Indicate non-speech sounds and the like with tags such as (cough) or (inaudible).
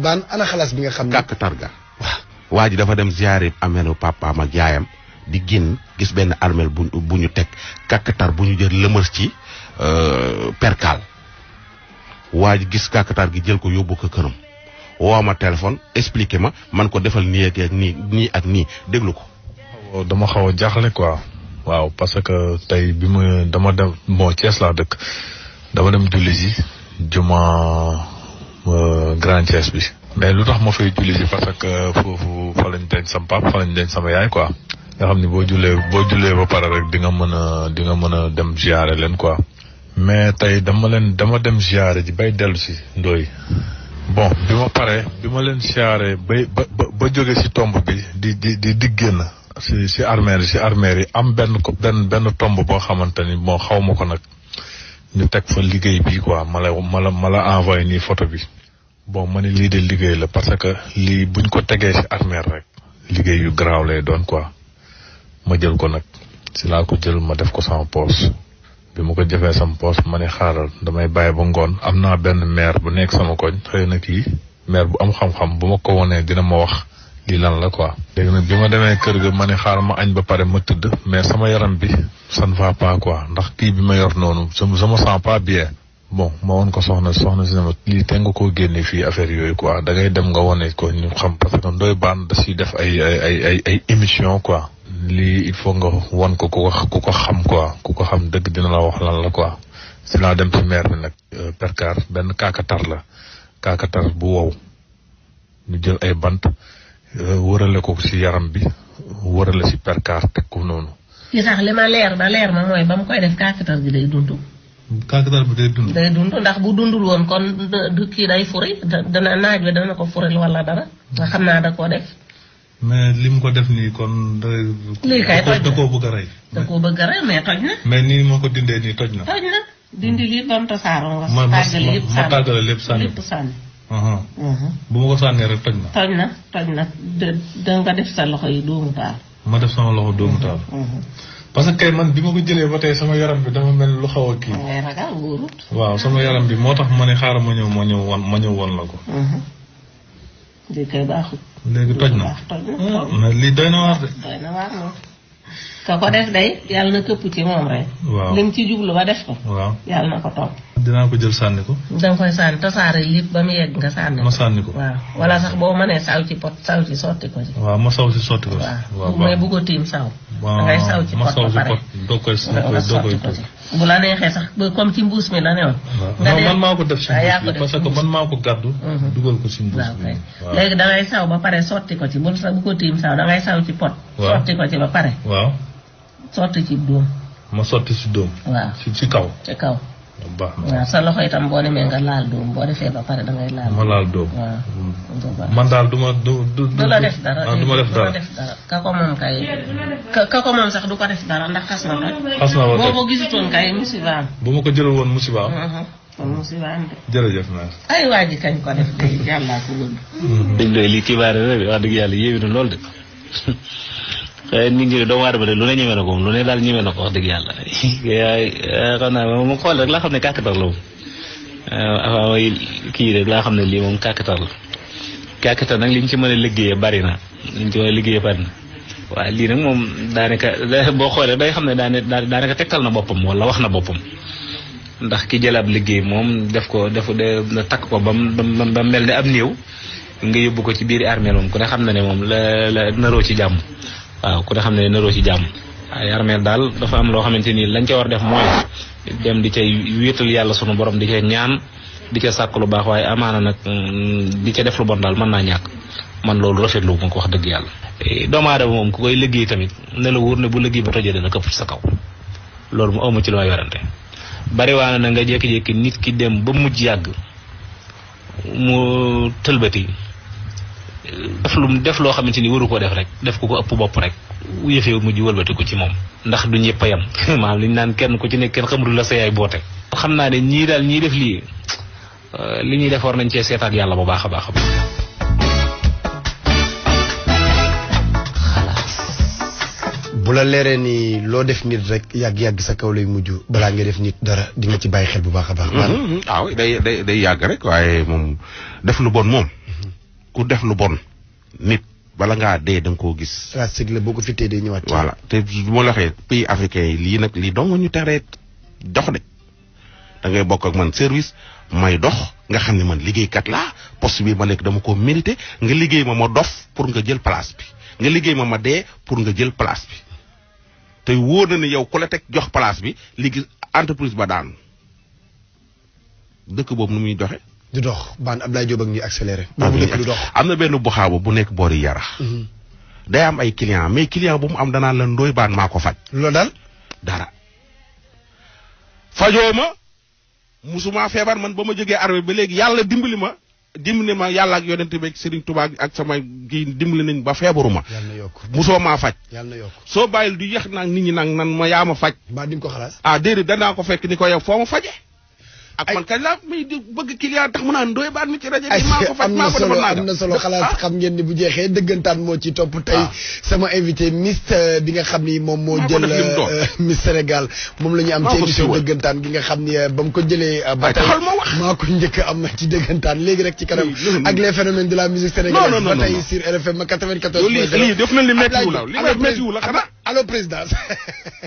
ban ana xalaas bi nga xamni kak targa waaji dafa dem ziaré amelu papa ma jaayam di guin gis ben armel buñu buñu tek kak tar buñu jël lëmër ci euh percal waaji gis tar gi jël ko yobbu ko kërëm woo téléphone expliquer ma man ko defal ni, ak ni ni ak ni déglu ko. dama xaw jaxlé quoi waaw parce que tay bima dama dem bon Thiès la dëkk dama dem dulisi juma Euh, grand bi mais lu tax ma fay julli si parce que euh, foofu fa lañ denc sama pap fa lañ denc sama yaay quoi nga xam ni boo julee boo jullee ba pare rek di nga mën a di nga mën a dem ziare leen quoi mais tey dama leen dama dem ziare ji bay dellu si ndooy bon bi ma paree bi ma leen ziare ba ba jóge si tomb bi di di di di génn si si armeer yi si armeer yi am benn ko benn benn tomb boo xamante ni moo xaw ma ko nag ñu teg fa liggéey bi quoi ma la ma la ma envoyé nii photo bi bon ma ne lii de liggéey la parce que lii buñ ko tegee si armeel rek liggéey yu garaaw lay doon quoi ma jël ko nag si laa ko jël ma def ko sama poos bi ma ko jëfee sama poos ma ne xaaral damay bàyyi ba ngoon am naa benn maire bu nekk sama koñ xëy na kii maire bu am xam-xam bu ma ko wonee dina ma wax lii lan la quoi. léegi nag bi ma demee kër ga ma ne xaaral ma añ ba pare ma tëdd mais sama yaram bi ça ne va pas quoi ndax kii bi ma yor noonu je me sens pas bon ma woon ko soxna soxna si ne ma lii te nga génne fii affaire yooyu quoi da ngay dem nga wane ko ñu xam parce que Ndoye Bane da siy def ay ay ay ay émission quoi. lii il faut nga wan ko ku ko ku ko xam quoi ku ko xam dëgg dina la wax lan la ko si laa dem si maire bi nag. Euh, percar benn kaakatar la kaakatar bu wow ñu jël ay bant euh, wërale ko si yaram bi wërale si percar teg ko noonu. li tax li ma leer ba leer ma mooy ba mu koy def kaakatar gi day dund. kakatar bu dee dund day dund ndax bu dundul kon kii day furi dana naaj bi dana ko furi wala dara nga xam da def mais lim ko def nii kon da lii da koo bëgg ray, da koo bëgg a mais toj na mais nii ma ko dindee toj na toj na dindi lii doon tasaaroo nga tàggale lépp sànni bu ya, rek toj na toj na toj na da nga def sa loxo doomu taal ma def sama loxo doomu taal mhm. parce que kay man bi ma ko jëlee ba tey sama yaram bi dama mel lu xaw a kii. ngay oh. waaw sama yaram bi moo tax ma ne xaaral ma ñëw ma ñëw woon ma ñëw woon la sànni ko. waaw. wala sax boo mënee saw saw ci sotti ko ci. waaw ma saw ci sotti ko ci. waaw may bu ko saw. dangay saw ci pot ba pare doo koy doo mbuus mi la newoon. nga man maa ko def si mbuus bi parce que man maa ko gàddu. Mhm. dugal ko si mbuus bi léegi dangay saw ba pare sotti ko ci bu sa bu ko tiim saw dangay saw ci pot. sotti ko ci ba pare. sotti ci dóom. ma sotti si dóom. waaw si ci kaw. ci kaw. waaw sa loxo itam boo demee nga laal dóom boo defee ba pare da laal. ma laal dóom mm. man daal du ma du du du la def ah, du def dara ka ko moom kay. ka ko moom sax du ko def dara ndax xas na ko. xas na ko boo ko gisutoon bu ma ko jëlal woon musiba am. Uh-huh. kon musiba am de. naa. ay waa kañ ko def de yàllaa ko wëdd. Mm-hmm. dégg nga lii kibaare rek wax dëgg yàlla yéewi na lool de. (laughs) nit ñi doomu aadama de lu ne ñeme na ko moom lu ne wax dëgg yàlla (laughs) eh, xam naa moom xool rek laa xam ne kàkkatar la moom waaw eh, mooy laa xam ne lii moom kàkkatar la nag liñ ci mën a liggéeyee bari na liñ ci mën a liggéeyee bari lii nag moom daanaka (laughs) boo xoolee day xam ne daanaka daanaka tegtal na boppam wala wax na boppam ndax ki jël liggéey moom def ko def de takk ko ba mu ba mel ne am néew nga yóbbu ko ci biir armée moom ku ne xam na ne moom la la naroo ci jàmm waaw ku ne xam ne naroo ci jàmm ay armeel daal dafa am lo xamanteni lañ ci war def moy dem di cay wetal yalla sunu borom di ca ñaan di ca sakku lu bax way amana nak mm, di ca def lu bon dal man na ñak man lolu rafetlu ko wax yalla e, do ma aadama mom ku koy liggey tamit ne la wóor bu liggey ba toje dana këpp sa kaw lolu mu awma ci lo may bari waana na nga jek jek nit ki dem ba mujj yag mu def lu def lo xamanteni waru ko def rek def ko ko upp bop rek yefe mu ji wëlbati ko ci mom ndax du ñepp yam (laughs) maanaam li ñu kenn ku ci nek kenn xamru la sa yaay boote xam ne ñi dal ñi def euh, li li ñi defor nañ ci sétat yalla bu baaxa baaxa bu la léré ni lo def nit rek yag yag sa kaw lay muju bala nga def nit dara di nga ci bàyyi xel bu baaxa baax mhm. ah day day day rek waye mom def lu bon mom ku def lu bon nit bala nga dee dang ah, ko gis. la sigle boko fi téye ñëwaat. voilà te mo la xé pays africain yi lii nag dong ñu téré dox dé da ngay bok ak man service may dox nga xamni man liggéey kat la poste bi ma lek dama ko mérité nga liggéey ma ma dof pour nga jël place bi nga liggéey ma ma dé pour nga jël place bi te wóor na ni yow ku la jox place bi liggéey entreprise ba daan dëkk boobu nu muy doxee. du dox baan Abdoulaye Diop ak ñuy accéléré. boobu dëkk am na benn buxaaba bu nekk boori yarax. Mhm. day am ay client mais client bu mu am danaan la ndooy baan maa ko faj. loolu daal dara. fajoo ma musuma feebar man ba ma jógee armée ba léegi yàlla dimbali ma dimbali ma yàlla ak yonente bi ak Serigne ak sama kii dimbali nañ ba feebaru ma. yàlla na yokk musoo maa faj. yàlla na yokk soo bàyyil du yéex nag nit ñi nag nan ma yaa ma faj. mbaa di nga ko xalaat. ah déedéet danaa fekk ni ko foo ma faje ak man kañ laa may di bëgg client tax mu naan ndoy baat mi ci rajo bi maa ko faj maa ko defal naa am na solo xalaat (laughs) xam ngeen ni bu jeexee dëggantaan moo ci topp tey ah. sama invité Miss euh, bi nga xam ni moom moo jël euh, Miss Sénégal moom la ñu am ci émission dëggantaan gi nga xam ni euh, ba mu ko jëlee ba tey maa ko njëkk am ci dëggantaan léegi rek ci kanam ak les phénomènes de la musique sénégalaise ba tey sur RFM 94 lii def na li méttiwu la li méttiwu la xanaa allo présidence